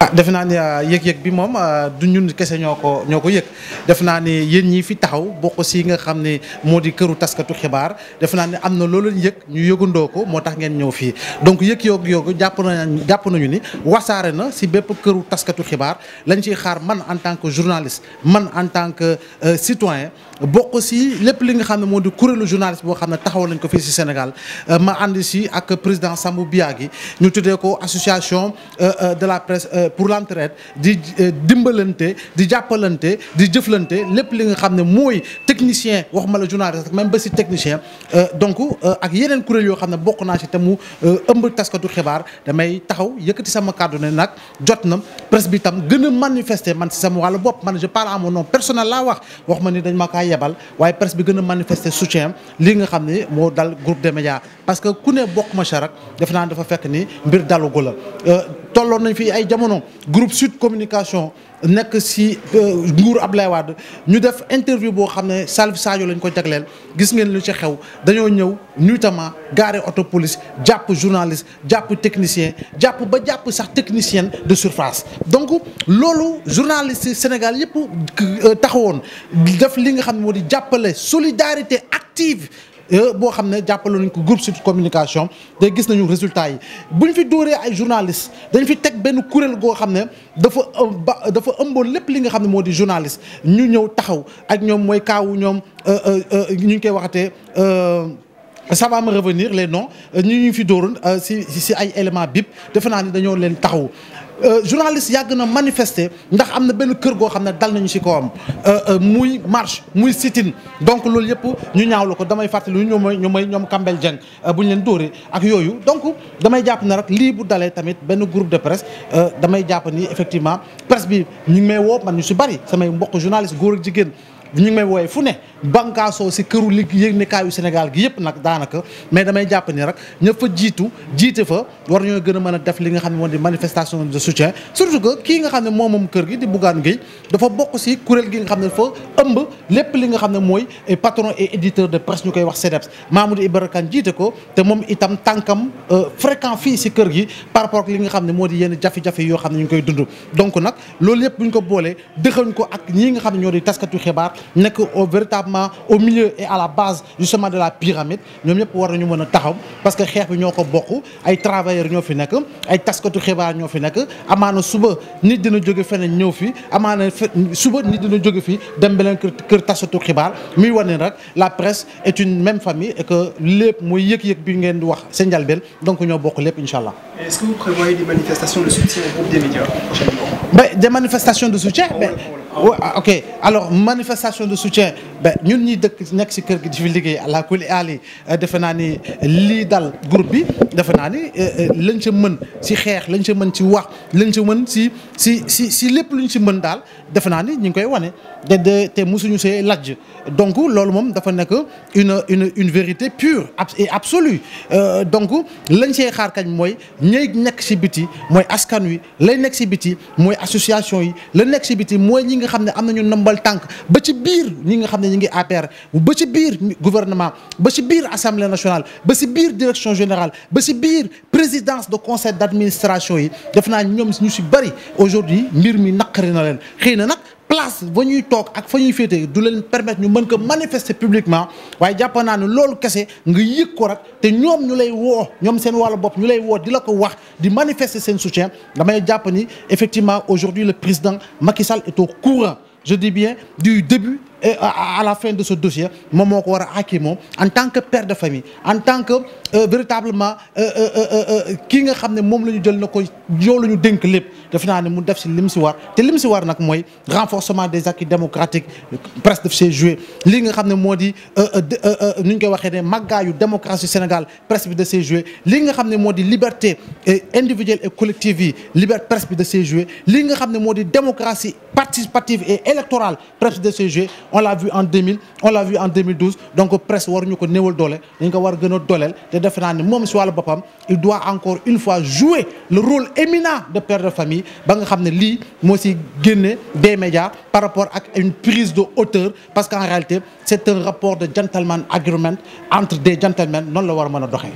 ah defe naa ni ah, yëg-yëg bi moom ah, du ñun kese ñoo ko ñoo ko yëg def naa ni yéen ñii fi taxaw bokk si nga xam ne moo di këru taskatu xibaar defe naa ni am na loolu yëg ñu yëgandoo ko moo tax ngeen ñëw fii donc yëg yoog yoogu jàpp nañu jàpp nañu ni wasaare na si bépp këru taskatu xibaar lañ ciy xaar man en tant que journaliste man en tant que euh, citoyen bokk si lépp li nga xam ne moo di kuréelu journaliste boo xam ne taxaw nañ ko fii si Sénégal euh, ma indi si ak président Sambou Biagi ñu tuddee pour l'entraide di euh, dimbalante di jàppalante di jëflante lépp li nga xam ne mooy technicien wax ma la journaliste même ba si technicien euh, donc euh, ak yeneen kuréel yoo xam ne bokk naa si te mu ëmb taskatu xibaar damay taxaw yëkkati sama kàddu ne nag jot na presse bi tam gën a manifester man si sama wàllu bopp man je parle à mon nom personnel laa wax wax ma ni dañ ma kaa yebal waaye presse bi gën a manifester soutien li nga xam ne moo dal groupe des médias parce que ku ne bokk ma charak def naa dafa fekk ni mbir dalu groupe sud communication nekk si euh, nguur Ablaye Wade ñu def interview boo xam ne Salif Sadio lañ ko jagleel gis ngeen lu ci xew dañoo ñëw nuitamment gare auto police jàpp journaliste jàpp technicien jàpp ba jàpp sax technicien de surface. donc loolu journaliste Sénégal yëpp euh, taxawoon def li nga xam ne moo di jàppale solidarité active. boo xam ne jàppale nañ ko groupe Sud Communication te gis nañu résultat yi buñ fi dóoree ay journaliste dañ fi teg benn kuréel goo xam ne dafa ba dafa ëmboon lépp li nga xam ne moo di journaliste ñu ñëw taxaw ak ñoom mooy kaawu ñoom euh, euh, euh, ñu ngi koy waxtee ça va revenir lee non ñu ñu fi dóoroon si si ay éléments bip defe naa ni dañoo leen taxaw Euh, journaliste yàgg na manifester ndax am na benn kër goo xam ne dal nañu ci kawam euh, euh, muy marche muy sit donc loolu yëpp ñu ñaawlu ko damay fàttali ñu ñoom ñoom mooy ñoom Kambel Dieng bu ñu leen dóoree ak yooyu donc damay jàpp ne rek lii bu dalee tamit benn groupe de presse damay jàpp ni effectivement presse bi ñu ngi may woo man ñu si bari samay mbokk journaliste góor ak jigéen. ñu may wooye fu ne bankaasoo si këru li yëglekaayu Sénégal gi yëpp nag daanaka mais damay jàpp ni rek ña fa jiitu jiite fa war ñoo gën a mën a def li nga xam ne di manifestation de soutien surtout que kii nga xam ne moom moom kër gi di Bougane Gueye dafa bokk si kuréel gi nga xam ne dafa ëmb lépp li nga xam ne mooy patron et éditeur de presse ñu koy wax CDEPS Mamoudou Ibra Kane jiite ko te moom itam tànkam euh, fréquent fii si kër gi par rapport ak li nga xam ne moo di yenn jafe-jafe yoo xam ne ñu ngi koy dund donc nag loolu yëpp bu ñu ko boolee dëxañ ko ak ñi nga xam ne ñoo di taskatu xibaar nekk au véritablement au milieu et à la base justement de la pyramide ñoom ñëpp war nañu mën a taxaw parce que xeex bi ñoo ko bokk ay travailleurs ñoo fi nekk ay taskatu xibaar ñoo fi nekk amaana suba nit dina jóge feneen ñëw fi amaana suba nit dina jóge fi dem beneen kër kër taskatu xibaar muy wane rek la presse est une même famille et que lépp mooy yëg-yëg bi ngeen di wax seen njalbeen donc ñoo bokk lépp incha allah. est-ce que vous des manifestations de soutien au oui ah, ok alors manifestation de soutien ba ñun ñi dëkk nekk si kër gi di fi liggéey àla kulli aali euh, defe naa ni euh, lii dal groupe bi defe naa ni euh, lañ sa mën si xeex lañ sa mën ci wax lañ sa mën si si si si lépp luñ si mën daal defe naa ni ñu ngi koy wane de de te mosuñu see lajj donc loolu moom dafa nekk une une une vérité pure et absolue donc lañ see xaar kañ mooy ñay nekk si biti mooy askan wi nekk si biti mooy association yi la nekk ci biti mooy ñi nga xam ne am nañu nambal tànk ba ci biir ñi nga xam ne ñu ngi APR ba ci biir gouvernement ba ci biir assemblée nationale ba ci biir direction générale ba ci biir présidence de conseil d'administration yi def naa ñoom ñu ci bari aujourd'hui mbir mi naqari na leen xëy na nag place ba ñuy toog ak fa ñuy féetee du leen permettre ñu mën ko manifester publiquement waaye jàpp naa ne loolu kese nga yëg ko rek te ñoom ñu lay woo ñoom seen wàllu bopp ñu lay woo di la ko wax di manifester seen soutien damay jàpp ni effectivement aujourd'hui le président Macky Sall est au courant je bien du début à la fin de ce dossier moom moo ko war a àkki en tant que père de famille en tant que euh, véritablement euh, euh, kii nga xam ne moom la ñu jël na ko yow la ñu dénk lépp def naa ne mu def si lim si war te lim si war nag mooy renforcement des acquis démocratiques presque daf see joué lii nga xam ne moo di nu ñu koy waxee ne màggaayu démocratie Sénégal presque bi da see joué lii nga xam ne moo di liberté individuelle et collective yi liberté presque bi da see joué lii nga xam ne moo di démocratie participative et électorale presque bi da see on l'a vu en 2000 on l'a vu en 2012 donc presse ñu ko néewal doole dañ ko war gën a dooleel te defe naa ne moom si wàllu boppam il doit encore une fois jouer le rôle éminent de père de famille ba nga xam ne lii moo si génne des médias par rapport ak une prise de hauteur parce qu'en réalité c'est un rapport de gentleman agreement entre des gentlemen noon la war mën a doxe